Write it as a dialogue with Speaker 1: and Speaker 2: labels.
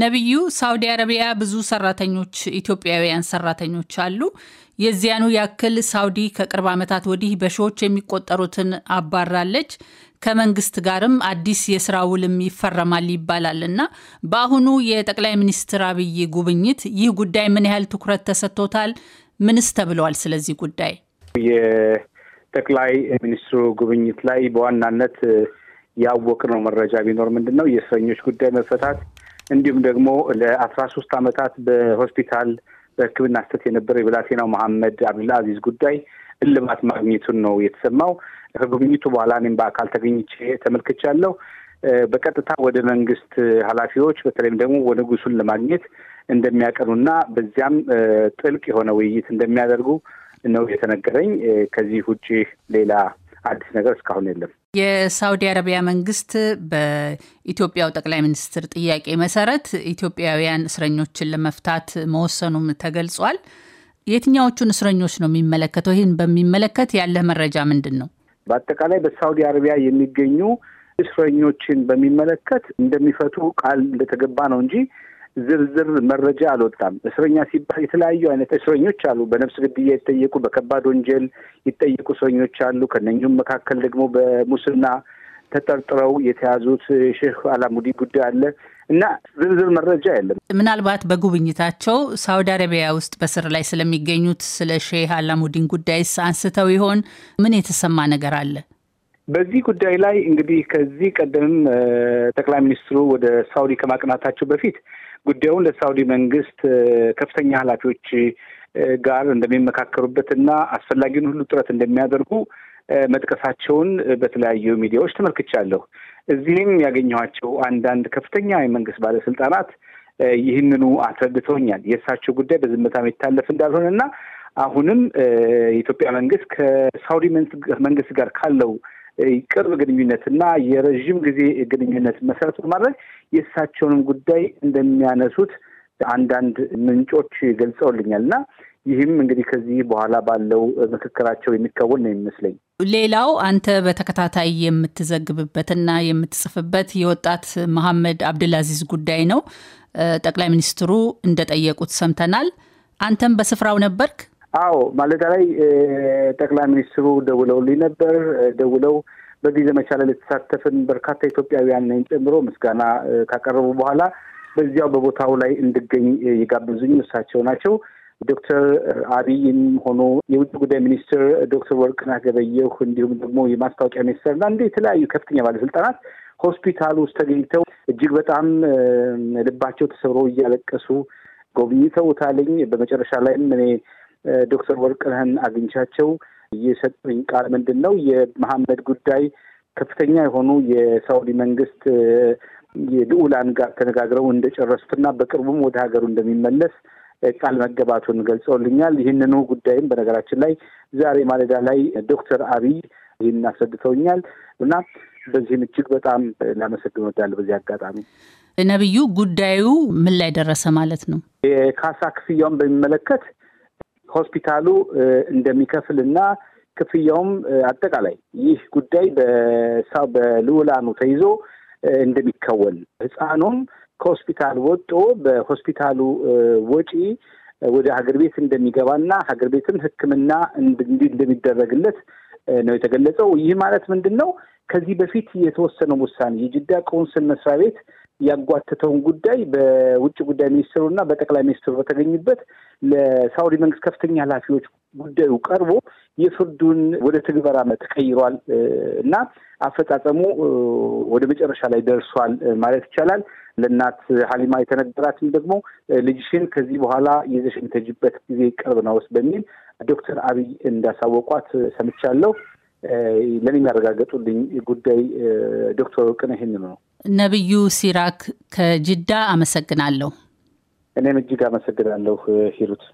Speaker 1: ነቢዩ ሳውዲ አረቢያ ብዙ ሰራተኞች ኢትዮጵያውያን ሰራተኞች አሉ። የዚያኑ ያክል ሳውዲ ከቅርብ ዓመታት ወዲህ በሺዎች የሚቆጠሩትን አባራለች። ከመንግስት ጋርም አዲስ የስራ ውልም ይፈረማል ይባላል እና በአሁኑ የጠቅላይ ሚኒስትር አብይ ጉብኝት ይህ ጉዳይ ምን ያህል ትኩረት ተሰጥቶታል? ምንስ ተብለዋል? ስለዚህ ጉዳይ
Speaker 2: የጠቅላይ ሚኒስትሩ ጉብኝት ላይ በዋናነት ያወቅነው መረጃ ቢኖር ምንድን ነው የእስረኞች ጉዳይ መፈታት እንዲሁም ደግሞ ለአስራ ሶስት ዓመታት በሆስፒታል በህክምና ስተት የነበረው የብላቴናው መሐመድ አብዱላ አዚዝ ጉዳይ እልባት ማግኘቱን ነው የተሰማው። ከጉብኝቱ በኋላ እኔም በአካል ተገኝቼ ተመልክቻለሁ። በቀጥታ ወደ መንግስት ሀላፊዎች በተለይም ደግሞ ወደ ንጉሱን ለማግኘት እንደሚያቀኑና በዚያም ጥልቅ የሆነ ውይይት እንደሚያደርጉ ነው የተነገረኝ። ከዚህ ውጭ ሌላ አዲስ ነገር እስካሁን የለም።
Speaker 1: የሳውዲ አረቢያ መንግስት በኢትዮጵያው ጠቅላይ ሚኒስትር ጥያቄ መሰረት ኢትዮጵያውያን እስረኞችን ለመፍታት መወሰኑም ተገልጿል። የትኛዎቹን እስረኞች ነው የሚመለከተው? ይህን በሚመለከት ያለ መረጃ ምንድን ነው?
Speaker 2: በአጠቃላይ በሳውዲ አረቢያ የሚገኙ እስረኞችን በሚመለከት እንደሚፈቱ ቃል እንደተገባ ነው እንጂ ዝርዝር መረጃ አልወጣም። እስረኛ ሲባል የተለያዩ አይነት እስረኞች አሉ። በነፍስ ግድያ ይጠየቁ፣ በከባድ ወንጀል ይጠየቁ እስረኞች አሉ። ከነኙም መካከል ደግሞ በሙስና ተጠርጥረው የተያዙት ሼህ አላሙዲ ጉዳይ አለ እና ዝርዝር መረጃ የለም።
Speaker 1: ምናልባት በጉብኝታቸው ሳውዲ አረቢያ ውስጥ በስር ላይ ስለሚገኙት ስለ ሼህ አላሙዲን ጉዳይስ አንስተው ይሆን? ምን የተሰማ ነገር አለ?
Speaker 2: በዚህ ጉዳይ ላይ እንግዲህ ከዚህ ቀደምም ጠቅላይ ሚኒስትሩ ወደ ሳውዲ ከማቅናታቸው በፊት ጉዳዩን ለሳውዲ መንግስት ከፍተኛ ኃላፊዎች ጋር እንደሚመካከሩበት እና አስፈላጊውን ሁሉ ጥረት እንደሚያደርጉ መጥቀሳቸውን በተለያዩ ሚዲያዎች ተመልክቻለሁ። እዚህም ያገኘኋቸው አንዳንድ ከፍተኛ የመንግስት ባለስልጣናት ይህንኑ አስረድተውኛል። የእሳቸው ጉዳይ በዝምታ የሚታለፍ እንዳልሆነ አሁንም የኢትዮጵያ መንግስት ከሳውዲ መንግስት ጋር ካለው ቅርብ ግንኙነትና የረዥም ጊዜ ግንኙነት መሰረት በማድረግ የእሳቸውንም ጉዳይ እንደሚያነሱት አንዳንድ ምንጮች ገልጸውልኛል እና ይህም እንግዲህ ከዚህ በኋላ ባለው ምክክራቸው የሚከወን ነው የሚመስለኝ።
Speaker 1: ሌላው አንተ በተከታታይ የምትዘግብበትና የምትጽፍበት የወጣት መሐመድ አብድልአዚዝ ጉዳይ ነው። ጠቅላይ ሚኒስትሩ እንደጠየቁት ሰምተናል። አንተም በስፍራው ነበርክ?
Speaker 2: አዎ ማለዳ ላይ ጠቅላይ ሚኒስትሩ ደውለውልኝ ነበር። ደውለው በዚህ ዘመቻ ላይ ለተሳተፍን በርካታ ኢትዮጵያውያንን ጨምሮ ምስጋና ካቀረቡ በኋላ በዚያው በቦታው ላይ እንድገኝ የጋበዙኝ እሳቸው ናቸው። ዶክተር አብይም ሆኖ የውጭ ጉዳይ ሚኒስትር ዶክተር ወርቅነህ ገበየሁ እንዲሁም ደግሞ የማስታወቂያ ሚኒስትር እና እንደ የተለያዩ ከፍተኛ ባለስልጣናት ሆስፒታል ውስጥ ተገኝተው እጅግ በጣም ልባቸው ተሰብሮ እያለቀሱ ጎብኝተውታለኝ። በመጨረሻ ላይም እኔ ዶክተር ወርቅነህን አግኝቻቸው የሰጡኝ ቃል ምንድን ነው? የመሐመድ ጉዳይ ከፍተኛ የሆኑ የሳውዲ መንግስት የልዑላን ጋር ተነጋግረው እንደጨረሱትና በቅርቡም ወደ ሀገሩ እንደሚመለስ ቃል መገባቱን ገልጸውልኛል። ይህንኑ ጉዳይም በነገራችን ላይ ዛሬ ማለዳ ላይ ዶክተር አብይ ይህን አስረድተውኛል እና በዚህም እጅግ በጣም ላመሰግን ወዳለ በዚህ አጋጣሚ
Speaker 1: ነቢዩ፣ ጉዳዩ ምን ላይ ደረሰ ማለት ነው?
Speaker 2: የካሳ ክፍያውን በሚመለከት ሆስፒታሉ እንደሚከፍልና ክፍያውም አጠቃላይ ይህ ጉዳይ በሳው በልውላኑ ተይዞ እንደሚከወን ህፃኑም ከሆስፒታል ወጦ በሆስፒታሉ ወጪ ወደ ሀገር ቤት እንደሚገባና ሀገር ቤትም ህክምና እንደሚደረግለት ነው የተገለጸው። ይህ ማለት ምንድን ነው? ከዚህ በፊት የተወሰነው ውሳኔ የጅዳ ቆንስል መስሪያ ቤት ያጓተተውን ጉዳይ በውጭ ጉዳይ ሚኒስትሩና በጠቅላይ ሚኒስትሩ በተገኙበት ለሳውዲ መንግስት ከፍተኛ ኃላፊዎች ጉዳዩ ቀርቦ የፍርዱን ወደ ትግበራ ተቀይሯል እና አፈጻጸሙ ወደ መጨረሻ ላይ ደርሷል ማለት ይቻላል። ለእናት ሀሊማ የተነገራትም ደግሞ ልጅሽን ከዚህ በኋላ ይዘሽ የምትሄጂበት ጊዜ ቅርብ ነው በሚል ዶክተር አብይ እንዳሳወቋት ሰምቻለሁ። ለሚያረጋገጡልኝ ጉዳይ ዶክተር ቅን ይህንኑ ነው።
Speaker 1: ነብዩ ሲራክ ከጅዳ አመሰግናለሁ።
Speaker 2: እኔም እጅግ አመሰግናለሁ ሂሩት።